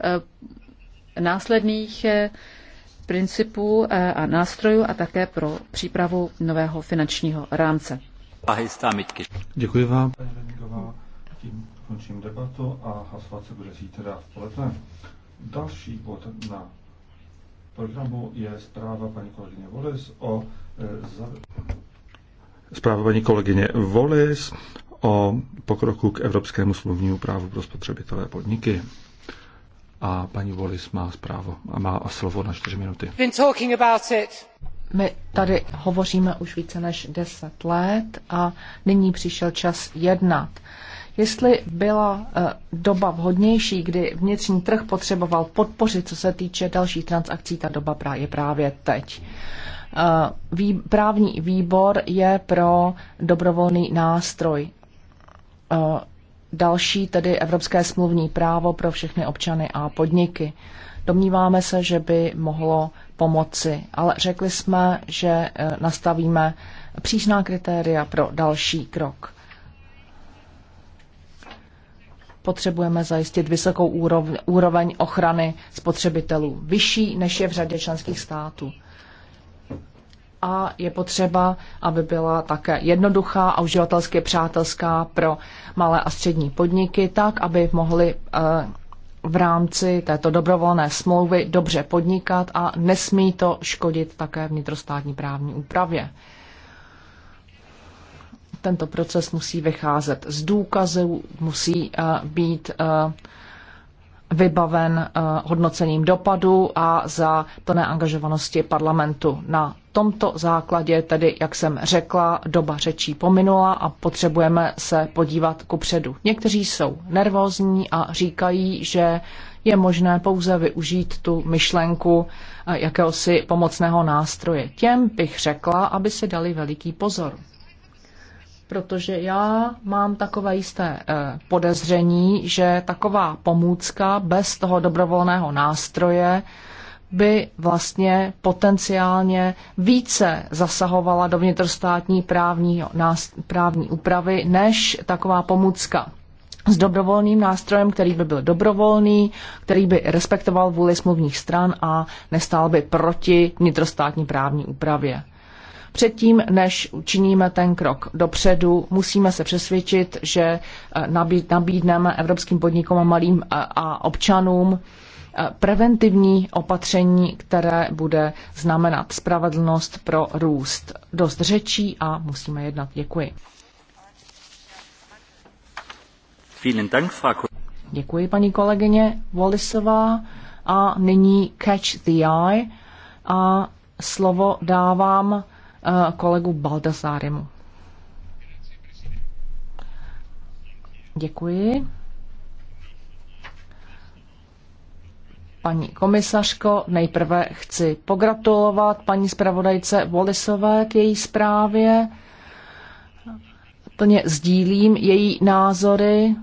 Eh, následných eh, principů eh, a nástrojů a také pro přípravu nového finančního rámce. Děkuji vám, Tím končím debatu a hlasovat se bude zítra v poledne. Další bod na programu je zpráva paní kolegyně Volis o zpráva paní kolegyně Volis o pokroku k evropskému smluvnímu právu pro spotřebitelé podniky a paní Wallis má zprávo a má slovo na čtyři minuty. My tady hovoříme už více než deset let a nyní přišel čas jednat. Jestli byla eh, doba vhodnější, kdy vnitřní trh potřeboval podpořit, co se týče dalších transakcí, ta doba je právě teď. Eh, vý, právní výbor je pro dobrovolný nástroj eh, další, tedy evropské smluvní právo pro všechny občany a podniky. Domníváme se, že by mohlo pomoci, ale řekli jsme, že eh, nastavíme přísná kritéria pro další krok. Potřebujeme zajistit vysokou úroveň ochrany spotřebitelů, vyšší než je v řadě členských států a je potřeba, aby byla také jednoduchá a uživatelsky přátelská pro malé a střední podniky, tak, aby mohly eh, v rámci této dobrovolné smlouvy dobře podnikat a nesmí to škodit také vnitrostátní právní úpravě. Tento proces musí vycházet z důkazů, musí eh, být eh, vybaven eh, hodnocením dopadu a za plné angažovanosti parlamentu. Na tomto základě tedy, jak jsem řekla, doba řečí pominula a potřebujeme se podívat ku předu. Někteří jsou nervózní a říkají, že je možné pouze využít tu myšlenku eh, jakéhosi pomocného nástroje. Těm bych řekla, aby si dali veliký pozor protože já mám takové jisté eh, podezření, že taková pomůcka bez toho dobrovolného nástroje by vlastně potenciálně více zasahovala do vnitrostátní právní, právní úpravy než taková pomůcka s dobrovolným nástrojem, který by byl dobrovolný, který by respektoval vůli smluvních stran a nestál by proti vnitrostátní právní úpravě. Předtím, než učiníme ten krok dopředu, musíme se přesvědčit, že eh, nabídneme evropským podnikům a malým eh, a občanům eh, preventivní opatření, které bude znamenat spravedlnost pro růst. Dost řečí a musíme jednat. Děkuji. Děkuji, paní kolegyně Volisová. A nyní Catch the Eye. A slovo dávám Eh, kolegu Baldasárimu. Děkuji. Paní komisařko, nejprve chci pogratulovat paní zpravodajce Volisové k její zprávě. Plně sdílím její názory.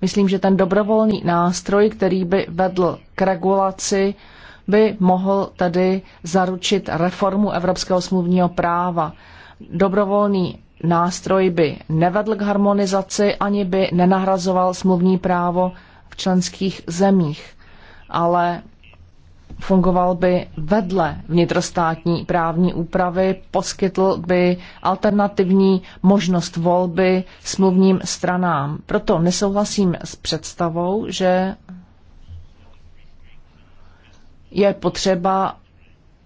Myslím, že ten dobrovolný nástroj, který by vedl k regulaci, by mohl tedy zaručit reformu evropského smluvního práva. Dobrovolný nástroj by nevedl k harmonizaci ani by nenahrazoval smluvní právo v členských zemích, ale fungoval by vedle vnitrostátní právní úpravy, poskytl by alternativní možnost volby smluvním stranám. Proto nesouhlasím s představou, že je potřeba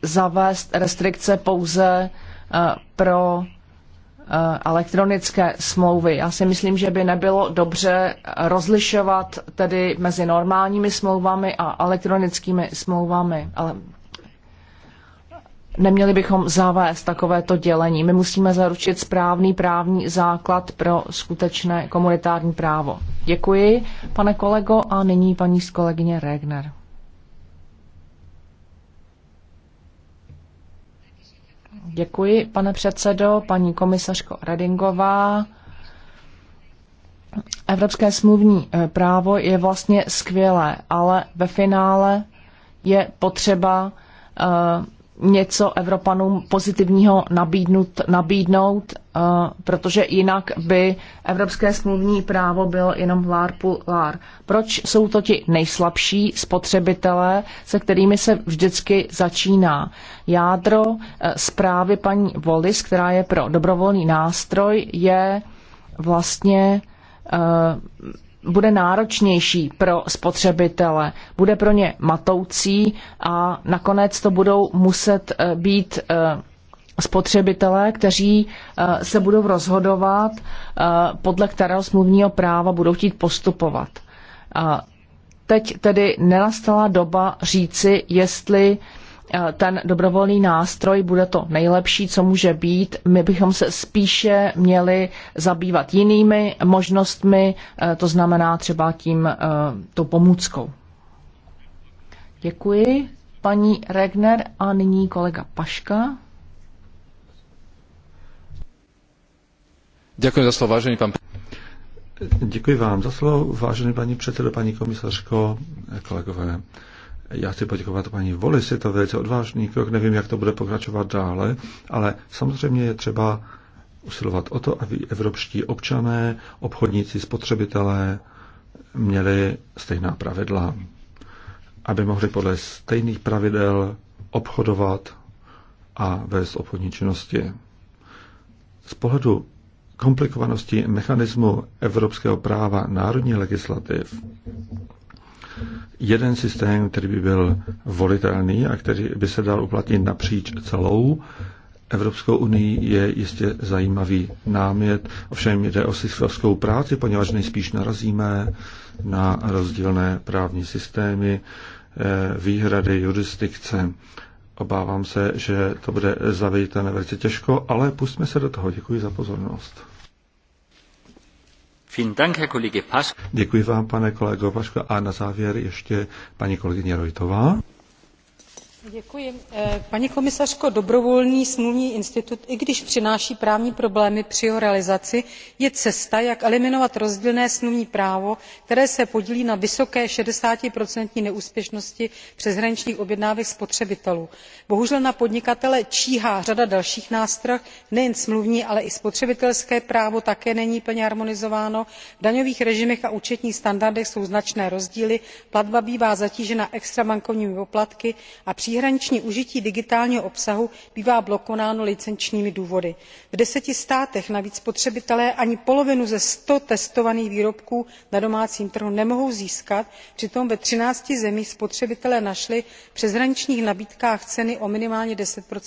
zavést restrikce pouze eh, pro eh, elektronické smlouvy. Já si myslím, že by nebylo dobře rozlišovat tedy mezi normálními smlouvami a elektronickými smlouvami, ale neměli bychom zavést takovéto dělení. My musíme zaručit správný právní základ pro skutečné komunitární právo. Děkuji, pane kolego, a nyní paní kolegyně Regner. Děkuji, pane předsedo, paní komisařko Redingová. Evropské smluvní eh, právo je vlastně skvělé, ale ve finále je potřeba eh, něco Evropanům pozitivního nabídnout, nabídnout eh, protože jinak by evropské smluvní právo bylo jenom lár lár. Proč jsou to ti nejslabší spotřebitelé, se kterými se vždycky začíná? Jádro eh, zprávy paní Volis, která je pro dobrovolný nástroj, je vlastně eh, bude náročnější pro spotřebitele, bude pro ně matoucí a nakonec to budou muset eh, být eh, spotřebitelé, kteří eh, se budou rozhodovat, podle kterého smluvního práva budou chtít postupovat. Teď tedy nenastala doba říci, jestli ten dobrovolný nástroj bude to nejlepší, co může být. My bychom se spíše měli zabývat jinými možnostmi, e, to znamená třeba tím e, tou pomůckou. Děkuji, paní Regner a nyní kolega Paška. Děkuji za slovo, vážený pan. Děkuji vám za slovo, vážený paní předsedo, paní komisařko, kolegové. Já chci poděkovat paní Volis, je to velice odvážný krok, nevím, jak to bude pokračovat dále, ale samozřejmě je třeba usilovat o to, aby evropští občané, obchodníci, spotřebitelé měli stejná pravidla, aby mohli podle stejných pravidel obchodovat a vést obchodní činnosti. Z pohledu komplikovanosti mechanismu evropského práva národní legislativ jeden systém, který by byl volitelný a který by se dal uplatnit napříč celou Evropskou unii, je jistě zajímavý námět. Ovšem jde o systémskou práci, poněvadž nejspíš narazíme na rozdílné právní systémy, eh, výhrady, jurisdikce. Obávám se, že to bude zavejitelné velice těžko, ale pustme se do toho. Děkuji za pozornost. Děkuji vám, pane kolego Paško. A na závěr ještě paní kolegyně Rojtová. Eh, paní komisařko dobrovolný smluvní institut i když přináší právní problémy při jeho realizaci je cesta jak eliminovat rozdílné smluvní právo které se podílí na vysoké sixty neúspěšnosti přeshraničních objednávek spotřebitelů. bohužel na podnikatele číhá řada dalších nástrah nejen smluvní ale i spotřebitelské právo také není plně harmonizováno v daňových režimech a účetních standardech jsou značné rozdíly platba bývá zatížena extrabankovními poplatky a příhraniční obchod příhraniční užití digitálního obsahu bývá blokováno licenčními důvody. v deseti státech navíc spotřebitelé ani polovinu ze sto testovaných výrobků na domácím trhu nemohou získat přitom ve třinácti zemích spotřebitelé našli v přeshraničních nabídkách ceny o minimálně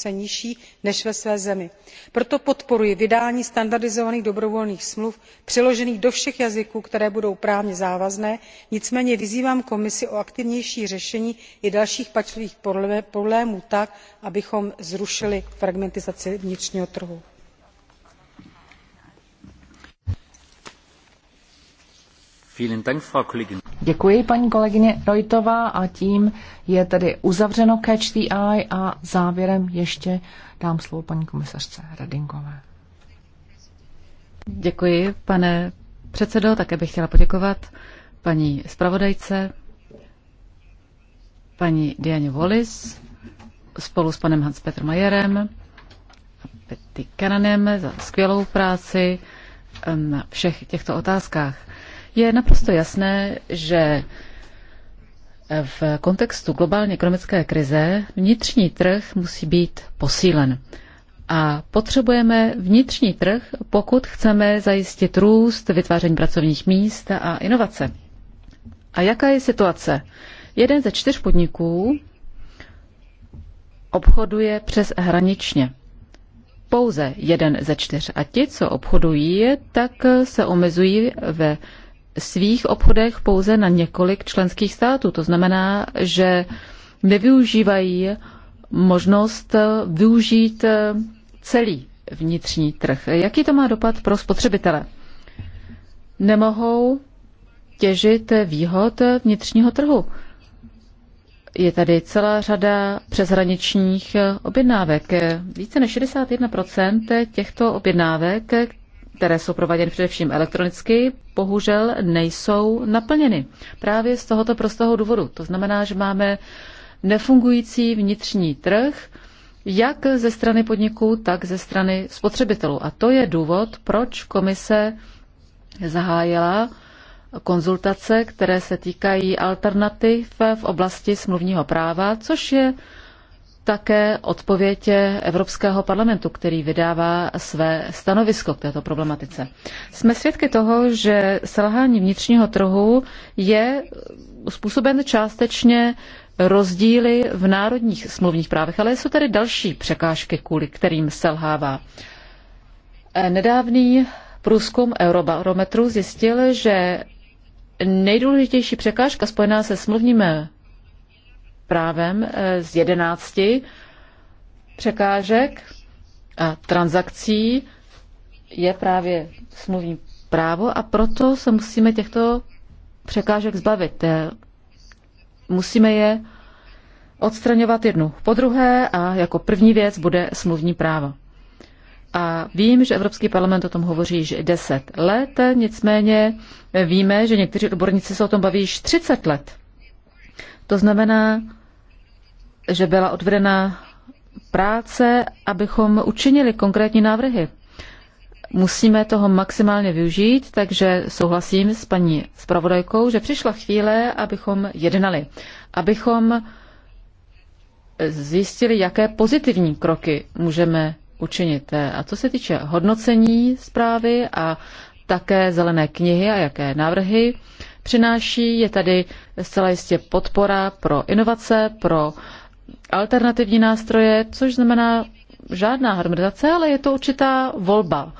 ten nižší než ve své zemi. proto podporuji vydání standardizovaných dobrovolných smluv přeložených do všech jazyků které budou právně závazné nicméně vyzývám komisi k aktivnějšímu řešení i dalších palčivých problémů tak abychom zrušili fragmentizaci vnitřního trhu. Děkuji paní kolegyně Rojtová a tím je tedy uzavřeno Catch the Eye a závěrem ještě dám slovo paní komisařce Redingové. Děkuji, pane předsedo, také bych chtěla poděkovat paní zpravodajce, paní Diane Wallis spolu s panem Hans Petr Majerem a Petty Kananem za skvělou práci na všech těchto otázkách. Je naprosto jasné, že v kontextu globální ekonomické krize vnitřní trh musí být posílen. A potřebujeme vnitřní trh, pokud chceme zajistit růst, vytváření pracovních míst a inovace. A jaká je situace? Jeden ze čtyř podniků obchoduje přes hraničně. Pouze jeden ze čtyř. A ti, co obchodují, tak se omezují ve svých obchodech pouze na několik členských států. To znamená, že nevyužívají možnost využít celý vnitřní trh. Jaký to má dopad pro spotřebitele? Nemohou těžit výhod vnitřního trhu. Je tady celá řada přeshraničních objednávek. Více než 61% těchto objednávek, které jsou prováděny především elektronicky, bohužel nejsou naplněny. Právě z tohoto prostého důvodu. To znamená, že máme nefungující vnitřní trh, jak ze strany podniků, tak ze strany spotřebitelů. A to je důvod, proč komise zahájila konzultace, které se týkají alternativ v oblasti smluvního práva, což je také odpověď Evropského parlamentu, který vydává své stanovisko k této problematice. Jsme svědky toho, že selhání vnitřního trhu je způsoben částečně rozdíly v národních smluvních právech, ale jsou tady další překážky, kvůli kterým selhává. Nedávný průzkum Eurobarometru zjistil, že nejdůležitější překážka spojená se smluvním eh, právem eh, z jedenácti překážek a transakcí je právě smluvní právo a proto se musíme těchto překážek zbavit. Eh, musíme je odstraňovat jednu po druhé a jako první věc bude smluvní právo. A vím, že Evropský parlament o tom hovoří již 10 let, nicméně víme, že někteří odborníci se o tom baví již 30 let. To znamená, že byla odvedena práce, abychom učinili konkrétní návrhy. Musíme toho maximálně využít, takže souhlasím s paní zpravodajkou, že přišla chvíle, abychom jednali, abychom zjistili, jaké pozitivní kroky můžeme učinit. A co se týče hodnocení zprávy a také zelené knihy a jaké návrhy přináší, je tady zcela jistě podpora pro inovace, pro alternativní nástroje, což znamená žádná harmonizace, ale je to určitá volba.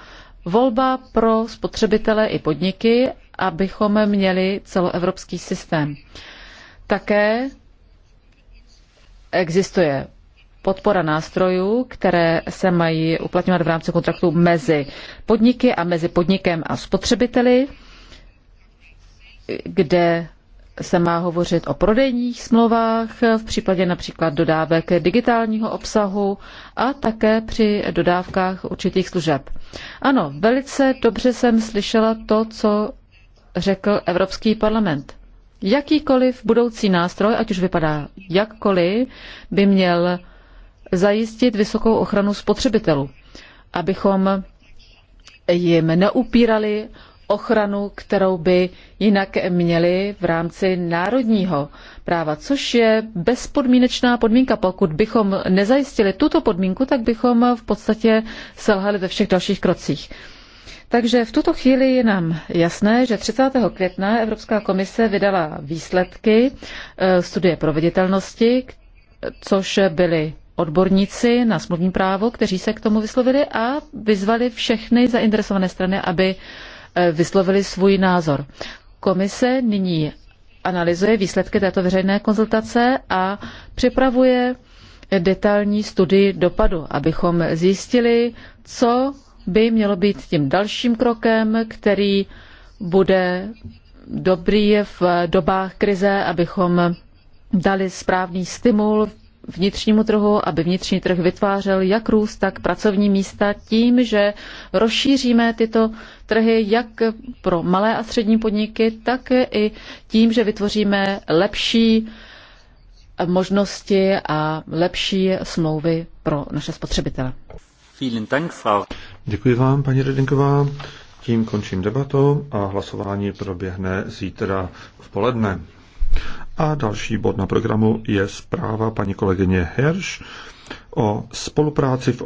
Volba pro spotřebitele i podniky, abychom měli celoevropský systém. Také existuje podpora nástrojů, které se mají uplatňovat v rámci kontraktu mezi podniky a mezi podnikem a spotřebiteli, kde se má hovořit o prodejních smlouvách v případě například dodávek digitálního obsahu a také při dodávkách určitých služeb. Ano, velice dobře jsem slyšela to, co řekl Evropský parlament. Jakýkoliv budoucí nástroj, ať už vypadá jakkoliv, by měl zajistit vysokou ochranu spotřebitelů, abychom jim neupírali ochranu, kterou by jinak měli v rámci národního práva, což je bezpodmínečná podmínka. Pokud bychom nezajistili tuto podmínku, tak bychom v podstatě selhali ve všech dalších krocích. Takže v tuto chvíli je nám jasné, že 30. května Evropská komise vydala výsledky eh, studie proveditelnosti, což byly odborníci na smluvní právo, kteří se k tomu vyslovili a vyzvali všechny zainteresované strany, aby e, vyslovili svůj názor. Komise nyní analyzuje výsledky této veřejné konzultace a připravuje detailní studii dopadu, abychom zjistili, co by mělo být tím dalším krokem, který bude dobrý v dobách krize, abychom dali správný stimul vnitřnímu trhu, aby vnitřní trh vytvářel jak růst, tak pracovní místa tím, že rozšíříme tyto trhy jak pro malé a střední podniky, tak i tím, že vytvoříme lepší možnosti a lepší smlouvy pro naše spotřebitele. Děkuji vám, paní Redinková. Tím končím debatu a hlasování proběhne zítra v poledne. A další bod na programu je zpráva paní kolegyně Herš o spolupráci v